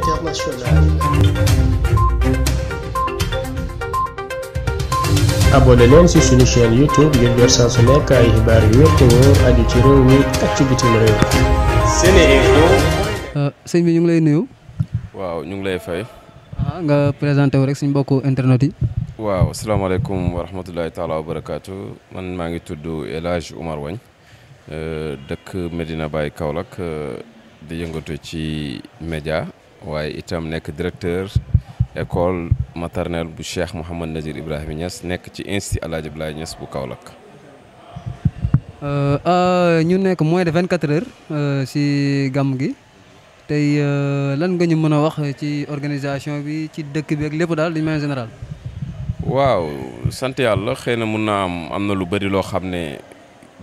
internationale. abonné leen suñu chaîne YouTube ngir yu wér te ci réew euh, sëñ bi ñu ngi lay nuyu. waaw ñu ngi lay fay. nga présenté wu rek suñu mbokku internet yi. waaw asalaamaaleykum wa rahmatulahi taala wa barakaatu man maa ngi tudd El Hadj Oumar euh, dëkk Medina Baye Kaolack euh, di yëngatu ci média waaye itam nekk directeur école maternelle bu Cheikh Mouhamad Nazir Ibrahima Niass nekk ci institut El Hadj Abdoulaye Niass bu Kaolack. Euh, euh, ñu nekk mooy de vingt quatre heures si euh, gàmm gi tey lan nga ñu mën a wax ci organisation bi ci dëkk bi ak lépp daal di manière général waaw sant yàlla xëy na mun naa am am na lu bëri loo xam ne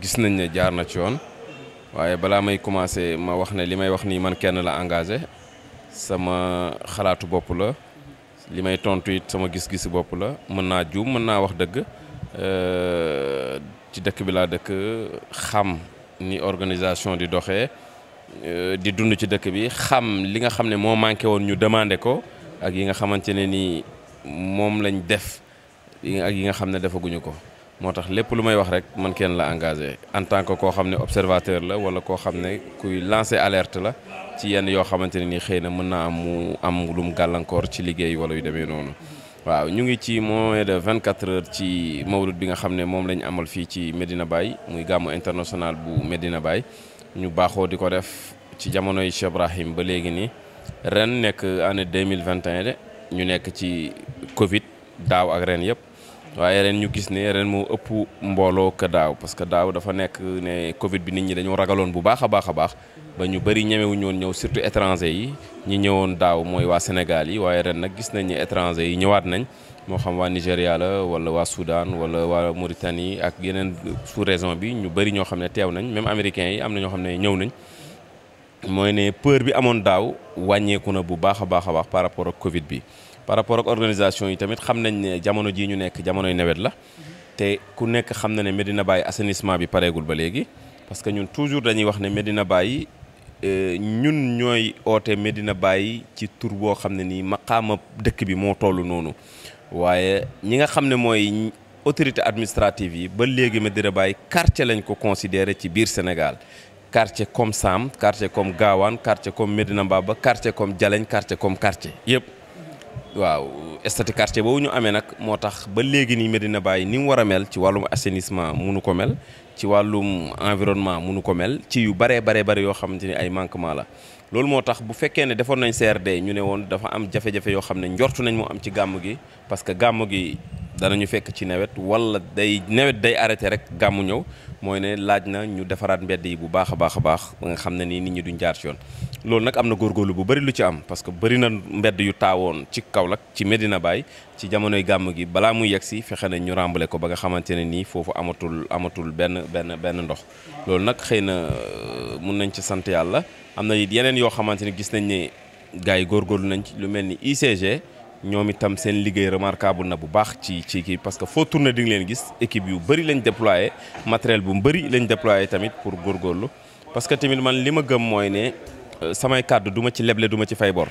gis nañ ne jaar na ci yoon waaye balaa may commencé ma wax ne li may wax nii man kenn la engagé sama xalaatu bopp la li may tontu it sama gis-gisu bopp la mën naa juum mën naa wax dëgg euh, ci dëkk bi laa dëkk xam ni organisation di doxee euh, di dund ci dëkk bi xam li nga xam ne moo manqué woon ñu demandé ko ak yi nga xamante ne ni moom lañ def ak yi nga xam ne defaguñu ko moo tax lépp lu may wax rek man kenn la engagé en tant que koo xam ne observateur la walla koo xam ne kuy lancer alerte la. ci yenn yoo xamante ne ni xëy na mën naa am mu am lu mu gàllankoor ci liggéey wala yu demee noonu waaw ñu ngi ci moins de quatre heures ci mawlud bi nga xam ne moom la ñu amal fii ci Medina Baye muy gàmmu international bu Medina Baye ñu baaxoo di ko def ci jamonoy Cheikh Ibrahim ba léegi nii ren nekk année 2021 de ñu nekk ci Covid daaw ak ren yëpp. waaye ren ñu gis ne ren moo ëpp mbooloo ka daaw parce que daaw dafa nekk ne Covid bi nit ñi dañoo ragaloon bu baax a baax a baax ba ñu bëri ñemewuñu woon ñëw surtout étranger yi ñi ñëwoon daaw mooy waa Sénégal yi waaye ren nag gis nañ ne étranger yi ñëwaat nañ moo xam waa Nigéria la wala waa Soudan wala waa Mauritanie ak yeneen sous raison bi ñu bëri ñoo xam ne teew nañ même américains yi am na ñoo xam ne ñëw nañ mooy ne peur bi amoon daaw wàññeeku na bu baax a baax a baax par rapport ak Covid bi. par rapport ak organisation yi tamit xam nañ ne jamono jii ñu nekk jamonoy nawet la te ku nekk xam na ne Medina bàyyi assainissement bi pareegul ba léegi parce que ñun toujours dañuy wax ne Medina Baye euh, ñun ñooy oote Medina bàyyi ci tur boo xam ne nii maqaama dëkk bi moo toll noonu waaye ñi nga xam ne mooy autorité administrative yi ba léegi Medina bàyyi quartier lañ ko considéré ci biir Sénégal quartier comme Sam quartier comme Gaawaan quartier comme Medina Mbaba quartier comme Jaleñ quartier comme quartier yëpp waaw estati quartier boobu ñu amee nag moo tax ba léegi nii Medina bàyyi ni mu war a mel ci wàllum assainissement munu ko mel ci wàllum environnement munu ko mel ci yu baree baree bare yoo xamante ni ay manquement la loolu moo tax bu fekkee ne defoon nañ CRD ñu ne woon dafa am jafe-jafe yoo xam ne njortu nañ mu am ci gàmm gi parce que gàmm gi dana ñu fekk ci nawet wala day nawet day arrêté rek gàmmu ñëw mooy ne laaj na ñu defaraat mbedd yi bu baax a baax a baax ba nga xam ne nii nit ñi duñ jaar ci yoon loolu nag am na góorgóorlu bu bari lu ci am parce que bëri na mbedd yu taawoon ci Kaolack ci Medina Baye ci jamonoy gàmm gi balaa mu yegg si fexe na ñu ràmbale ko ba nga xamante ne nii foofu amatul amatul benn benn benn ndox loolu nag xëy na euh, mun nañ ci sant yàlla am na it yeneen yoo xamante ne gis nañ ne gars yi góorgóorlu nañ ci lu mel ni ICG ñoom itam seen liggéey remarquable na bu baax ci ci kii parce que foo tourné di nga leen gis équipe yu bëri lañ déployé matériel bu bëri lañ déployé tamit pour góorgóorlu parce que tamit man li ma gëm mooy ne euh, samay kàddu duma ci leble duma ci fay bor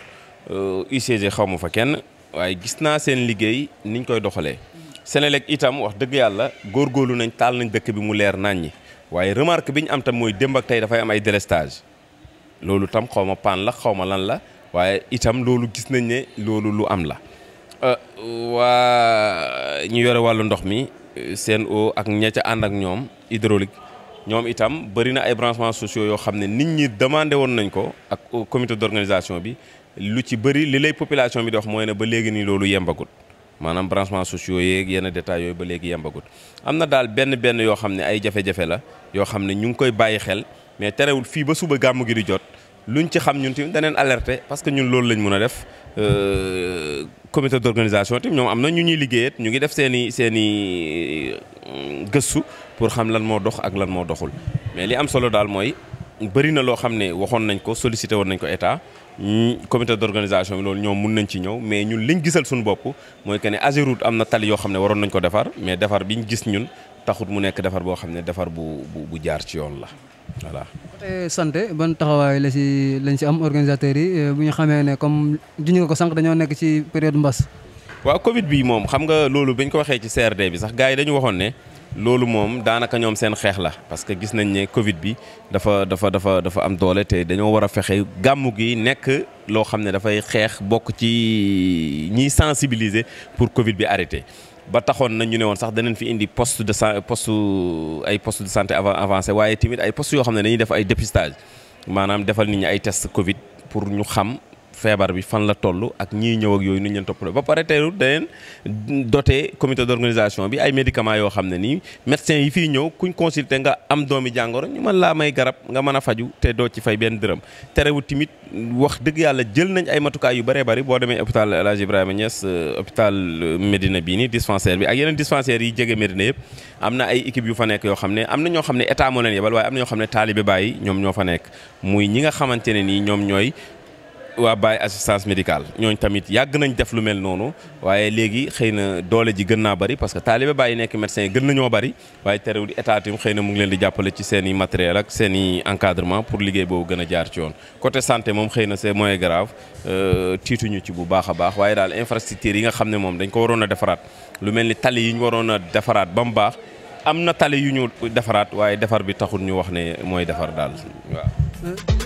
UCG euh, xaw ma fa kenn waaye gis naa seen liggéey niñ koy doxalee. Sénélec itam wax dëgg yàlla góorgóorlu nañ taal nañ dëkk bi mu leer nàññi waaye remarque bi ñu am tam mooy démb ak tey dafay am ay délestage loolu tam xaw ma paan la xaw ma lan la. waaye itam loolu gis nañ ne loolu lu am la euh, waa ñu yore wàllu ndox mi Sen'Eau ak ña ca ànd ak ñoom hydraulique ñoom itam bari na ay branchements sociaux yoo xam ne nit ñi demande woon nañ ko ak comité d'organisation bi lu ci bëri li lay population bi di wax mooy na ba léegi nii loolu yembagut maanaam branchements sociaux yeeg yenn détails yooyu ba léegi yembagut am na daal benn benn yoo xam ne ay jafe-jafe la yoo xam ne ñu ngi koy bàyyi xel mais terewul fii ba suba gàmmu gi di jot luñ ci xam ñun tamit daneen alerter parce que ñun loolu lañ mën a def euh, comité d'organisation tamit ñoom am na ñu ñuy liggéeyat ñu ngi def seen i seen i euh, gëstu pour xam lan moo dox ak lan moo doxul mais li am solo daal mooy bëri na loo xam ne waxoon nañ ko sollicité woon nañ ko état comité d'organisation bi loolu ñoom mun nañ ci ñëw mais ñun liñ gisal suñu bopp mooy que ne Ageroute am na tali yoo xam ne waroon nañ ko defar mais defar biñ gis ñun taxut mu nekk defar boo xam ne defar bu bu jaar ci yoon la voilà. côté santé ban taxawaay la si lañ si am organisateurs yi euh, bu ñu xamee ne comme juñu nga ko sanq dañoo nekk ci période mbas. waaw Covid bi moom xam nga loolu bañ ko waxee ci CRD bi sax gars yi dañu waxoon ne. loolu moom daanaka ñoom seen xeex la parce que gis nañ ne Covid bi dafa dafa dafa dafa am doole te dañoo war a fexe gàmmu gi nekk loo xam ne dafay xeex bokk ci ñiy sensibiliser pour Covid bi arrêté. ba taxoon na ñu ne woon sax danañ fi indi poste de sa poste ay poste de santé avancé waaye tamit ay poste yoo xam ne dañuy def ay dépistage maanaam defal nit ñi ay test Covid pour ñu xam. feebar bi fan la toll ak ñiy ñëw ak yooyu nu ñu leen toppaloo ba pare teeru daneen doté comité d'organisation bi ay médicament yoo xam ne nii médecins yi fii ñëw kuñ consulter nga am doomi jàngoro ñu laa may garab nga mën a faju te doo ci fay benn dërëm terewul tamit wax dëgg yàlla jël nañ ay matukaay yu bëree bëri boo demee hôpital El Ibrahima Niass euh, hôpital euh, bii nii dispensaire bi ak yeneen dispensaires yi jege Médina yëpp am na ay équipe yu fa nekk yoo xam ne am na ñoo xam ne état moo leen yebal waaye am na ñoo xam ne taalibe bàyyi ñoom ñoo fa nekk muy ñi nga xamante ne nii ñoom ñooy waa Baye assistance médical ñooñ tamit yàgg nañ def lu mel noonu waaye léegi xëy na doole ji gën naa bari parce que taalibe Baye nekk médecin gën nañoo bari waaye terewul état tam xëy na mu ngi leen di jàppale ci seeni i matériel ak seen i encadrement pour liggéey boobu gën a jaar ci yoon côté santé moom xëy na c'est moins grave euh, tiituñu ci bu baax a baax waaye daal infrastructure yi nga xam ne moom dañ ko waroon a defaraat lu mel ni tali yi ñu waroon a defaraat ba baax am na tali yu ñu defaraat waaye defar bi taxul ñu wax ne mooy defar daal waaw